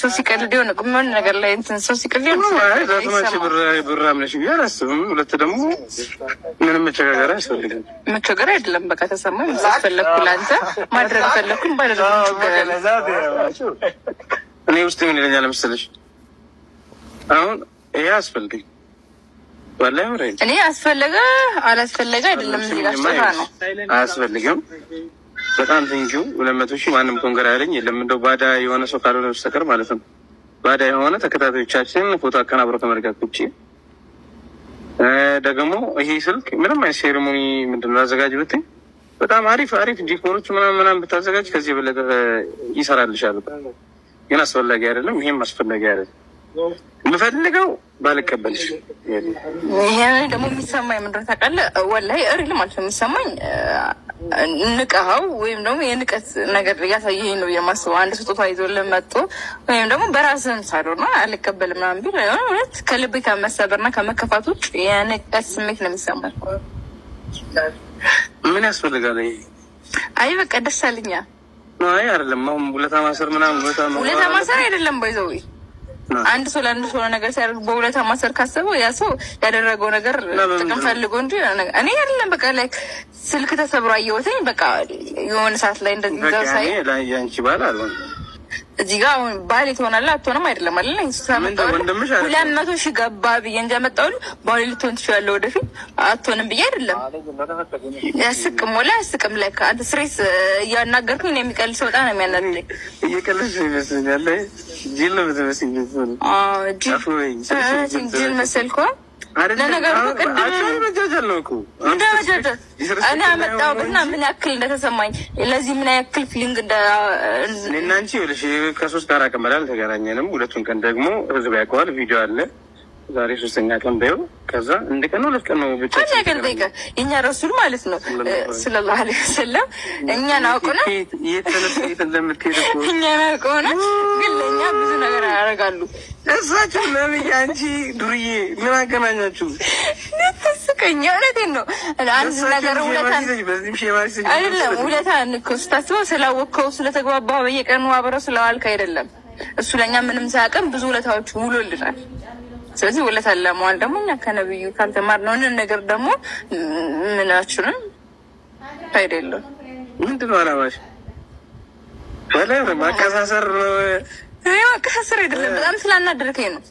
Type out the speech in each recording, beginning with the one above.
ሰው ሲቀልድ ሁለት ደግሞ ምንም መቸጋገር አያስፈልግም። መቸገር አይደለም። በቃ ተሰማኝ ፈለግኩ ለአንተ ማድረግ ፈለግኩኝ ባደረግ እኔ ውስጥ ምን ይለኛል መሰለሽ አሁን ይሄ አስፈልገኝ እኔ አስፈለገ አላስፈለገ አይደለም ነው አያስፈልግም በጣም ትንኪው ሁለት መቶ ሺህ ማንም ኮንገር ያለኝ የለም እንደው ባዳ የሆነ ሰው ካልሆነ በስተቀር ማለት ነው። ባዳ የሆነ ተከታታዮቻችን ፎቶ አቀናብረው ከመልቀቅ ውጭ ደግሞ ይሄ ስልክ ምንም አይነት ሴሪሞኒ ምንድን ነው አዘጋጅ ብትይ በጣም አሪፍ አሪፍ ዲኮሮች ምናምን ምናምን ብታዘጋጅ ከዚህ የበለጠ ይሰራልሻል። ግን አስፈላጊ አይደለም። ይሄም አስፈላጊ አይደለም። የምፈልገው ባልቀበልሽ ይህ ደግሞ የሚሰማኝ ምንድን ነው ታውቃለህ? ወላሂ ማለት ነው የሚሰማኝ ንቀኸው ወይም ደግሞ የንቀት ነገር እያሳየኝ ነው የማስበው። አንድ ስጦታ ይዞ ልመጡ ወይም ደግሞ በራስህም ሳልሆን ነው አልቀበልም ምናምን ቢል እውነት ከልብ ከመሰበርና ከመከፋት ውጭ የንቀት ስሜት ነው የሚሰማኝ። ምን ያስፈልጋል? አይ በቃ ደስ አለኛ። አይ አይደለም፣ አሁን ሁለታ ማሰር ምናምን ሁለታ ማሰር አይደለም ባይዘው አንድ ሰው ለአንድ ሰው ነገር ሲያደርግ በሁለት ማሰር ካሰበው ያ ሰው ያደረገው ነገር ጥቅም ፈልጎ እንጂ እኔ ያለን በቃ ላይ ስልክ ተሰብሮ አየወተኝ በቃ የሆነ ሰዓት ላይ እንደዚህ ዛው ሳይ እዚህ ጋር አሁን ባሌ ትሆናለህ አትሆንም አይደለም አለ ሁለት መቶ ሺህ ገባ ብዬ እንጂ ያመጣሁልህ ባሌ ልትሆን ትችላለህ ወደፊት አትሆንም ብዬ አይደለም። ያስቅም ወላ ያስቅም ላይ አንተ ስሬስ እያናገርኩኝ ነው የሚቀልስ ወጣ ነው የሚያናድደኝ። እየቀለድሽ ነው ይመስለኛል። ጅል ነው የምትመስለኝ። ጅል መሰልከው እኔ አመጣሁበትና ምን ያክል እንደተሰማኝ ለዚህ ምን ያክል ፊሊንግ እናንቺ ከሶስት ጋር ቀን አልተገናኘንም። ሁለቱን ቀን ደግሞ ህዝብ ያውቀዋል ቪዲዮ አለ ዛሬ ሶስተኛ ቀን ባይሆን ከዛ እንደ ቀን ሁለት ቀን ነው ብቻ ነገር ጠይቀ እኛ ረሱል ማለት ነው ሰለላሁ ዐለይሂ ወሰለም እኛ አውቁና እኛ አውቁና ግን ለእኛ ብዙ ነገር ያደርጋሉ። እሳቸው ነብይ አንቺ ዱርዬ ምን አገናኛችሁ? ነተስቀኛ እውነቴን ነው። አንድ ነገር አይደለም ውለታ እኮ ስታስበው ስላወቅከው ስለተግባባው በየቀኑ አብረው ስለዋልክ አይደለም እሱ ለእኛ ምንም ሳያውቅም ብዙ ውለታዎች ውሎልናል። ስለዚህ ውለት አለመዋል ደግሞ እኛ ከነብዩ ካልተማር ነው ንን ነገር ደግሞ ምናችንም ፋይዳ የለውም። ምንድን ነው አላማሽ? በላይ ማቀሳሰር ነው። ማቀሳሰር አይደለም። በጣም ስላናደርከኝ ነው።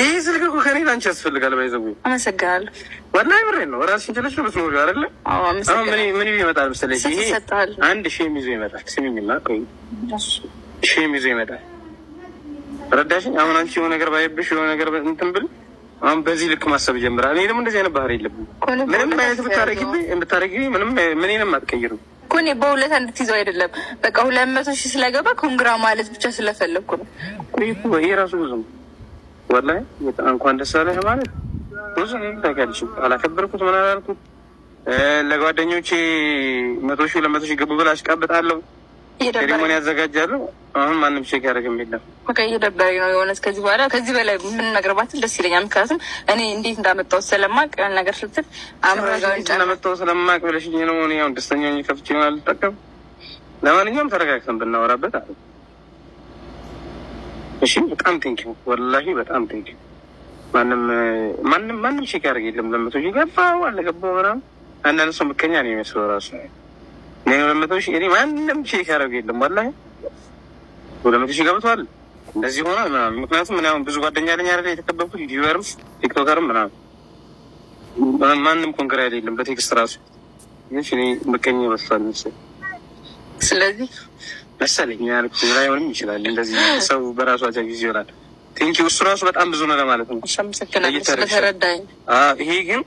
ይህ ስልክ እኮ ከኔ ላንቺ ያስፈልጋል። ባይዘጉ አመሰግናለሁ። ወላሂ ብሬን ነው። ራስሽን ችለሽ ነው ብትኖሪ አይደለ? አሁን ምን ይመጣል መሰለኝ፣ ይሄ አንድ ሼም ይዞ ይመጣል። ስሚኝና ሼም ይዞ ይመጣል ረዳሽኝ። አሁን አንቺ የሆነ ነገር ባየብሽ የሆነ ነገር እንትን ብል አሁን በዚህ ልክ ማሰብ ጀምራል። እኔ ደግሞ እንደዚህ አይነት ባህር የለብኝ። ምንም አይነት ብታረጊ ብታረጊ ምንም ምንም አትቀይሩ እኮ እኔ በሁለት እንድትይዘው አይደለም። በቃ ሁለት መቶ ሺህ ስለገባ ኮንግራ ማለት ብቻ ስለፈለግኩ ነው። ይሄ ራሱ ብዙ ነው። ወላሂ እንኳን ደስ አለህ ማለት ብዙ ታውቂያለሽ። አላከበርኩት ምን አላልኩት ለጓደኞቼ መቶ ሺህ ሁለት መቶ ሺህ ገቡ ብላ አሽቃብጣለሁ ሴሪሞኒ ያዘጋጃሉ። አሁን ማንም ቼክ ያደረግም የለም። በቃ እየደበረኝ ነው የሆነ ከዚህ በኋላ ከዚህ በላይ የምንነግርባትን ደስ ይለኛል። ምክንያቱም እኔ እንዴት እንዳመጣው ስለማቅ ያን ነገር ስትል አምሮጋንዳመጣሁ ስለማቅ ብለሽኝ ነው። እኔ አሁን ደስተኛ ከፍች ሆን አልጠቀም። ለማንኛውም ተረጋግተን ብናወራበት አለ። እሺ፣ በጣም ቴንኪው፣ ወላሂ በጣም ቴንኪው። ማንም ማንም ማንም ሼክ ያደርግ የለም። ለመቶ ገባው አለገባው ምናምን አንዳንድ ሰው ምቀኛ ነው የሚመስለው ራሱ ለመቶ ሺህ እኔ ማንም ቼክ ያደረገ የለም። ዋላ ወደ መቶ ሺህ ገብቷል እንደዚህ ሆነ ምናምን። ምክንያቱም ምናምን ብዙ ጓደኛ ለኝ አለ የተከበብኩት ዩቲዩበርም ቲክቶከርም ምናምን ማንም ኮንክራ የለም በቴክስት ራሱ ይህ እኔ ምቀኛ ይመስላል መሰለኝ። ስለዚህ መሰለኝ ያልኩት ላይሆንም ይችላል። እንደዚህ ሰው በራሱ አጃ ጊዜ ይሆናል። ቴንኪው እሱ ራሱ በጣም ብዙ ነው ለማለት ነው። ይሄ ግን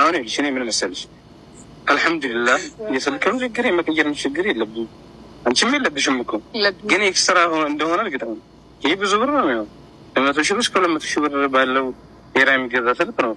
አሁን ልሽ ምን መሰለሽ አልሐምዱሊላህ የስልክም ችግር የመቀየርም ችግር የለብኝም። አንቺም የለብሽም እኮ ግን ኤክስትራ እንደሆነ እርግጥ ይህ ብዙ ብር ነው የሚሆን ለመቶ ሺህ ብር እስከ ሁለት መቶ ሺህ ብር ባለው ሄራ የሚገዛ ስልክ ነው።